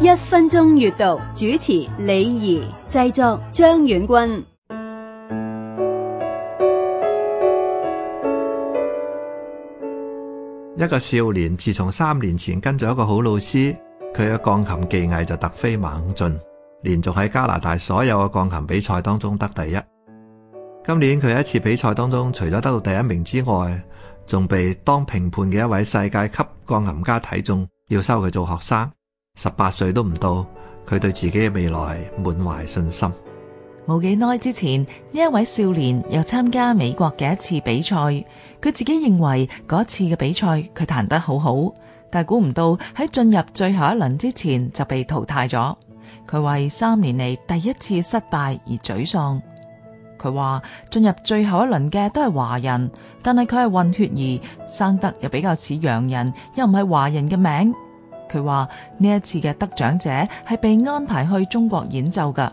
一分鐘閱讀主持李儀，製作張遠軍。一個少年自從三年前跟咗一個好老師，佢嘅鋼琴技藝就突飛猛進，連續喺加拿大所有嘅鋼琴比賽當中得第一。今年佢喺一次比賽當中，除咗得到第一名之外，仲被當評判嘅一位世界級鋼琴家睇中，要收佢做學生。十八歲都唔到，佢對自己嘅未來滿懷信心。冇幾耐之前，呢一位少年又參加美國嘅一次比賽，佢自己認為嗰次嘅比賽佢彈得好好，但估唔到喺進入最後一輪之前就被淘汰咗。佢為三年嚟第一次失敗而沮喪。佢話進入最後一輪嘅都係華人，但係佢係混血兒，生得又比較似洋人，又唔係華人嘅名。佢話呢一次嘅得獎者係被安排去中國演奏噶。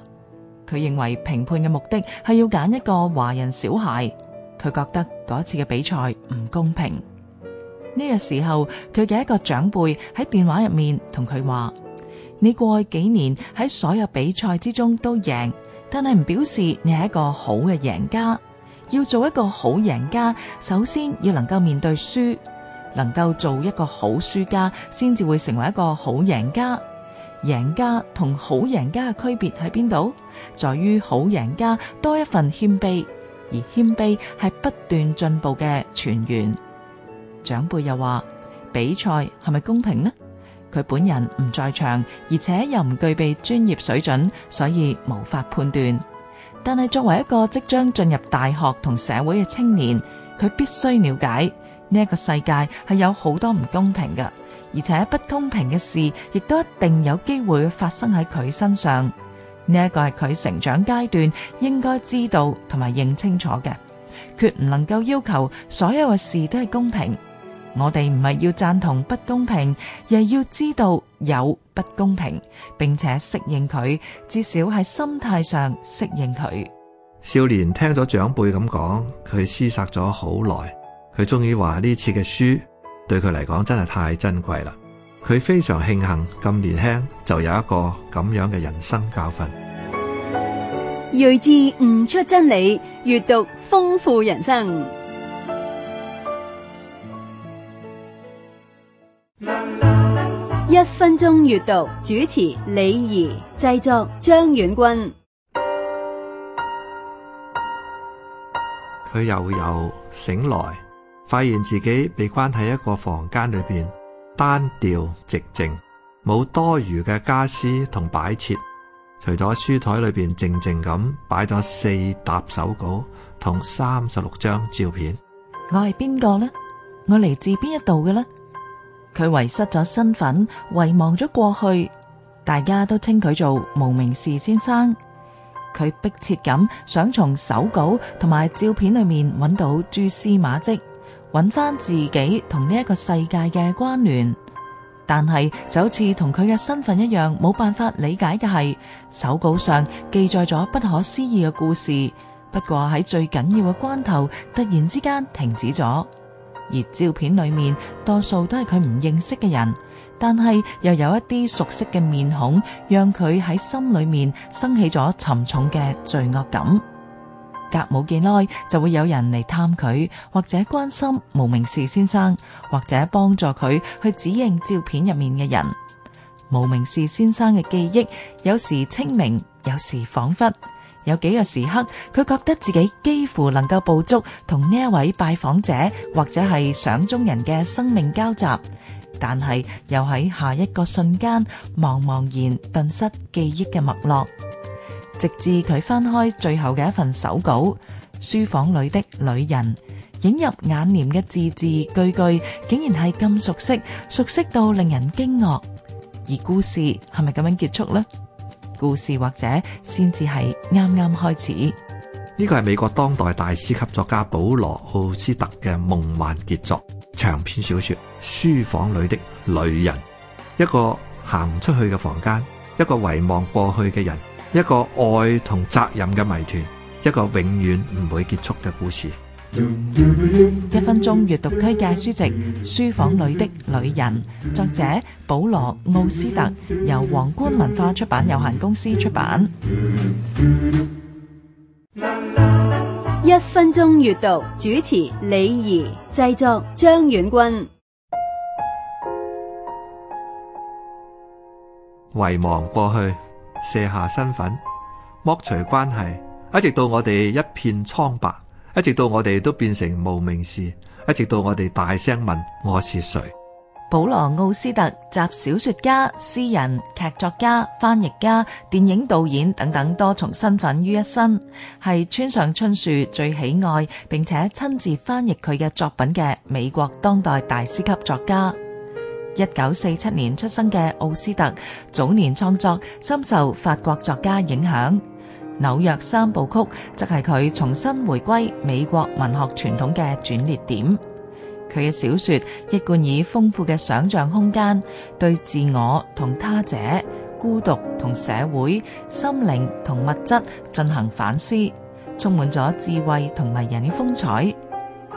佢認為評判嘅目的係要揀一個華人小孩。佢覺得嗰次嘅比賽唔公平。呢個時候，佢嘅一個長輩喺電話入面同佢話：「你過去幾年喺所有比賽之中都贏，但係唔表示你係一個好嘅贏家。要做一個好贏家，首先要能夠面對輸。」能夠做一個好輸家，先至會成為一個好贏家。贏家同好贏家嘅區別喺邊度？在於好贏家多一份謙卑，而謙卑係不斷進步嘅泉源。長輩又話：比賽係咪公平呢？佢本人唔在場，而且又唔具備專業水準，所以無法判斷。但係作為一個即將進入大學同社會嘅青年，佢必須了解。呢一個世界係有好多唔公平嘅，而且不公平嘅事，亦都一定有機會發生喺佢身上。呢一個係佢成長階段應該知道同埋認清楚嘅，決唔能夠要求所有嘅事都係公平。我哋唔係要贊同不公平，而係要知道有不公平，並且適應佢，至少喺心態上適應佢。少年聽咗長輩咁講，佢思索咗好耐。佢終於話，呢次嘅書對佢嚟講真係太珍貴啦！佢非常慶幸咁年輕就有一個咁樣嘅人生教訓。睿智悟出真理，閱讀豐富人生。 一分鐘閱讀主持李怡，製作張遠軍。佢又有醒來。發現自己被關喺一個房間裏邊，單調寂靜，冇多餘嘅家私同擺設，除咗書台裏邊靜靜咁擺咗四沓手稿同三十六張照片。我係邊個呢？我嚟自邊一度嘅呢？佢遺失咗身份，遺忘咗過去，大家都稱佢做無名氏先生。佢迫切咁想從手稿同埋照片裏面揾到蛛絲馬跡。揾翻自己同呢一個世界嘅關聯，但係就好似同佢嘅身份一樣，冇辦法理解嘅係手稿上記載咗不可思議嘅故事。不過喺最緊要嘅關頭，突然之間停止咗。而照片裏面多數都係佢唔認識嘅人，但係又有一啲熟悉嘅面孔，讓佢喺心裏面生起咗沉重嘅罪惡感。隔冇幾耐，就會有人嚟探佢，或者關心無名氏先生，或者幫助佢去指認照片入面嘅人。無名氏先生嘅記憶有時清明，有時恍惚。有幾個時刻，佢覺得自己幾乎能夠捕捉同呢一位拜訪者或者係相中人嘅生命交集，但係又喺下一個瞬間，茫茫然頓失記憶嘅脈絡。直至佢翻開最後嘅一份手稿，《書房裏的旅人》，映入眼簾嘅字字句句，竟然係咁熟悉，熟悉到令人驚愕。而故事係咪咁樣結束呢？故事或者先至係啱啱開始。呢個係美國當代大師級作家保羅奧斯特嘅夢幻傑作，長篇小說《書房裏的旅人》，一個行唔出去嘅房間，一個遺忘過去嘅人。一個愛同責任嘅謎團，一個永遠唔會結束嘅故事。一分鐘閱讀推介書籍《書房裏的旅人》，作者保羅奧斯特，由皇冠文化出版有限公司出版。一分鐘閱讀主持李儀，製作張遠君。遺忘過去。卸下身份，剝除關係，一直到我哋一片蒼白，一直到我哋都變成無名氏，一直到我哋大聲問：我是誰？保羅·奧斯特集小說家、詩人、劇作家、翻譯家、電影導演等等多重身份於一身，係村上春樹最喜愛並且親自翻譯佢嘅作品嘅美國當代大師級作家。一九四七年出生嘅奧斯特，早年創作，深受法國作家影響，《紐約三部曲》則係佢重新回歸美國文學傳統嘅轉捩點。佢嘅小說，一貫以豐富嘅想象空間，對自我同他者、孤獨同社會、心靈同物質進行反思，充滿咗智慧同迷人嘅風采。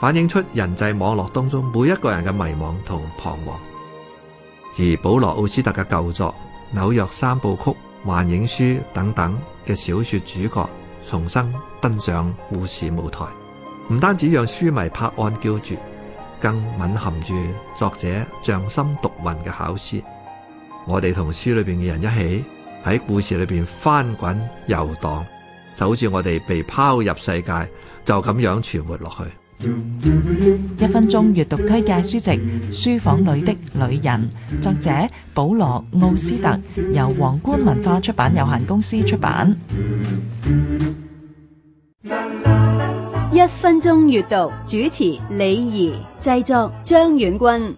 反映出人際網絡當中每一個人嘅迷惘同彷徨，而保羅奧斯特嘅舊作《紐約三部曲》《幻影書》等等嘅小說主角重新登上故事舞台，唔單止讓書迷拍案叫絕，更吻合住作者匠心獨運嘅巧思。我哋同書裏邊嘅人一起喺故事裏邊翻滾遊蕩，就好似我哋被拋入世界，就咁樣存活落去。一分鐘閱讀推介書籍《書房裏的旅人》，作者保羅奧斯特，由皇冠文化出版有限公司出版。一分鐘閱讀主持李儀，製作張遠軍。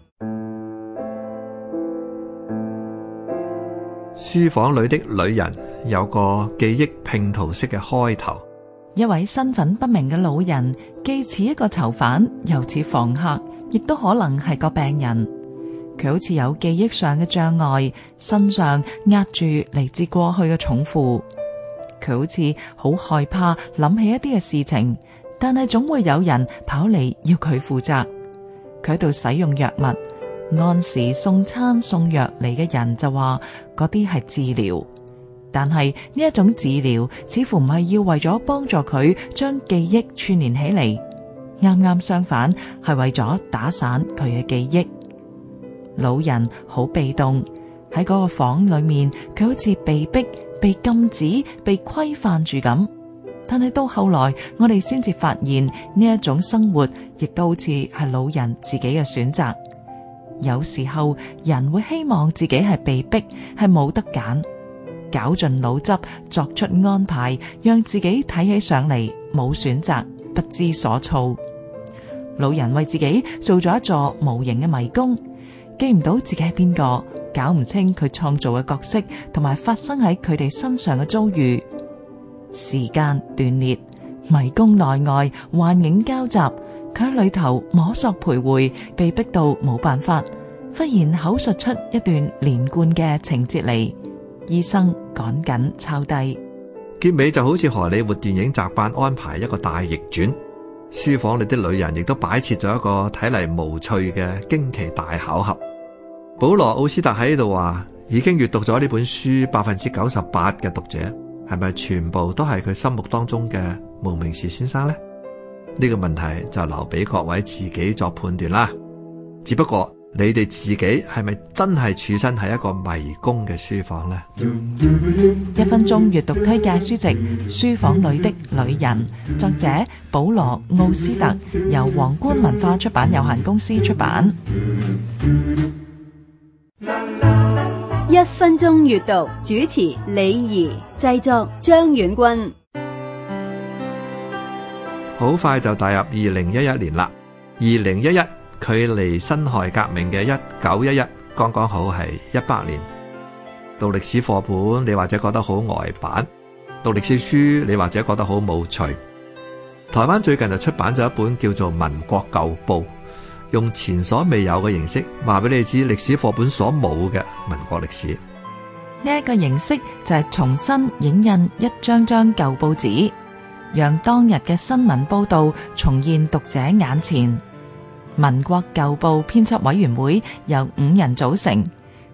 書房裏的旅人有個記憶拼圖式嘅開頭。一位身份不明嘅老人，既似一個囚犯，又似房客，亦都可能係個病人。佢好似有記憶上嘅障礙，身上壓住嚟自過去嘅重負。佢好似好害怕諗起一啲嘅事情，但係總會有人跑嚟要佢負責。佢喺度使用藥物，按時送餐送藥嚟嘅人就話嗰啲係治療。但係呢一種治療似乎唔係要為咗幫助佢將記憶串聯起嚟，啱啱相反係為咗打散佢嘅記憶。老人好被動喺嗰個房裏面，佢好似被逼、被禁止、被規範住咁。但係到後來，我哋先至發現呢一種生活亦都好似係老人自己嘅選擇。有時候人會希望自己係被逼，係冇得揀。絞盡腦汁作出安排，讓自己睇起上嚟冇選擇，不知所措。老人為自己做咗一座無形嘅迷宮，記唔到自己係邊個，搞唔清佢創造嘅角色同埋發生喺佢哋身上嘅遭遇。時間斷裂，迷宮內外幻影交集，佢喺裏頭摸索徘徊，被逼到冇辦法，忽然口述出一段連貫嘅情節嚟。醫生趕緊抄低，結尾就好似荷里活電影習慣安排一個大逆轉。書房裏啲女人亦都擺設咗一個睇嚟無趣嘅驚奇大巧合。保羅奧斯特喺呢度話，已經閱讀咗呢本書百分之九十八嘅讀者，係咪全部都係佢心目當中嘅無名氏先生呢？呢、呢個問題就留俾各位自己作判斷啦。只不過。你哋自己係咪真係處身喺一個迷宮嘅書房呢？一分鐘閱讀推介書籍《書房裡的旅人》，作者保羅奧斯特，由皇冠文化出版有限公司出版。一分鐘閱讀主持李儀，製作張遠軍。好快就踏入二零一一年啦，二零一一。距離辛亥革命嘅一九一一，剛剛好係一百年。讀歷史課本，你或者覺得好呆板；讀歷史書，你或者覺得好冇趣。台灣最近就出版咗一本叫做《民國舊報》，用前所未有嘅形式，話俾你知歷史課本所冇嘅民國歷史。呢一個形式就係重新影印一張張舊報紙，讓當日嘅新聞報道重現讀者眼前。民國舊報編輯委員會由五人組成，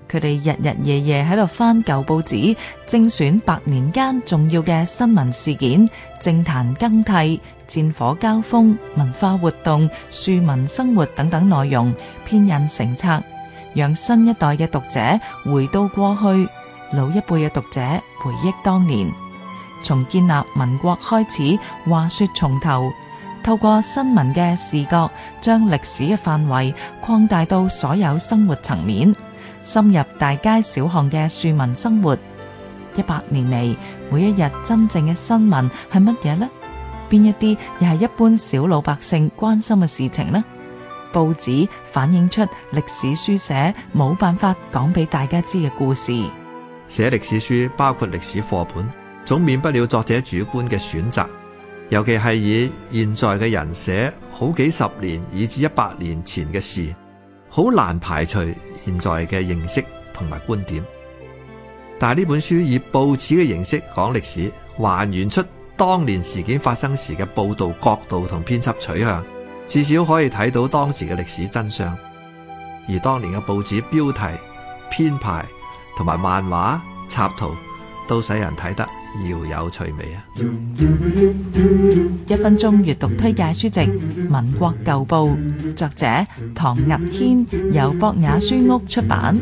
佢哋日日夜夜喺度翻舊報紙，精選百年間重要嘅新聞事件、政壇更替、戰火交鋒、文化活動、庶民生活等等內容，編印成冊，讓新一代嘅讀者回到過去，老一輩嘅讀者回憶當年。從建立民國開始，話說從頭。透過新聞嘅視覺，將歷史嘅範圍擴大到所有生活層面，深入大街小巷嘅庶民生活。一百年嚟，每一日真正嘅新聞係乜嘢呢？邊一啲又係一般小老百姓關心嘅事情呢？報紙反映出歷史書寫冇辦法講俾大家知嘅故事。寫歷史書包括歷史課本，總免不了作者主觀嘅選擇。尤其係以現在嘅人寫好幾十年以至一百年前嘅事，好難排除現在嘅認識同埋觀點。但係呢本書以報紙嘅形式講歷史，還原出當年事件發生時嘅報道角度同編輯取向，至少可以睇到當時嘅歷史真相。而當年嘅報紙標題、編排同埋漫畫、插圖。都使人睇得饒有趣味啊 一分鐘閱讀推介書籍《民國舊報》，作者唐日軒，由博雅書屋出版。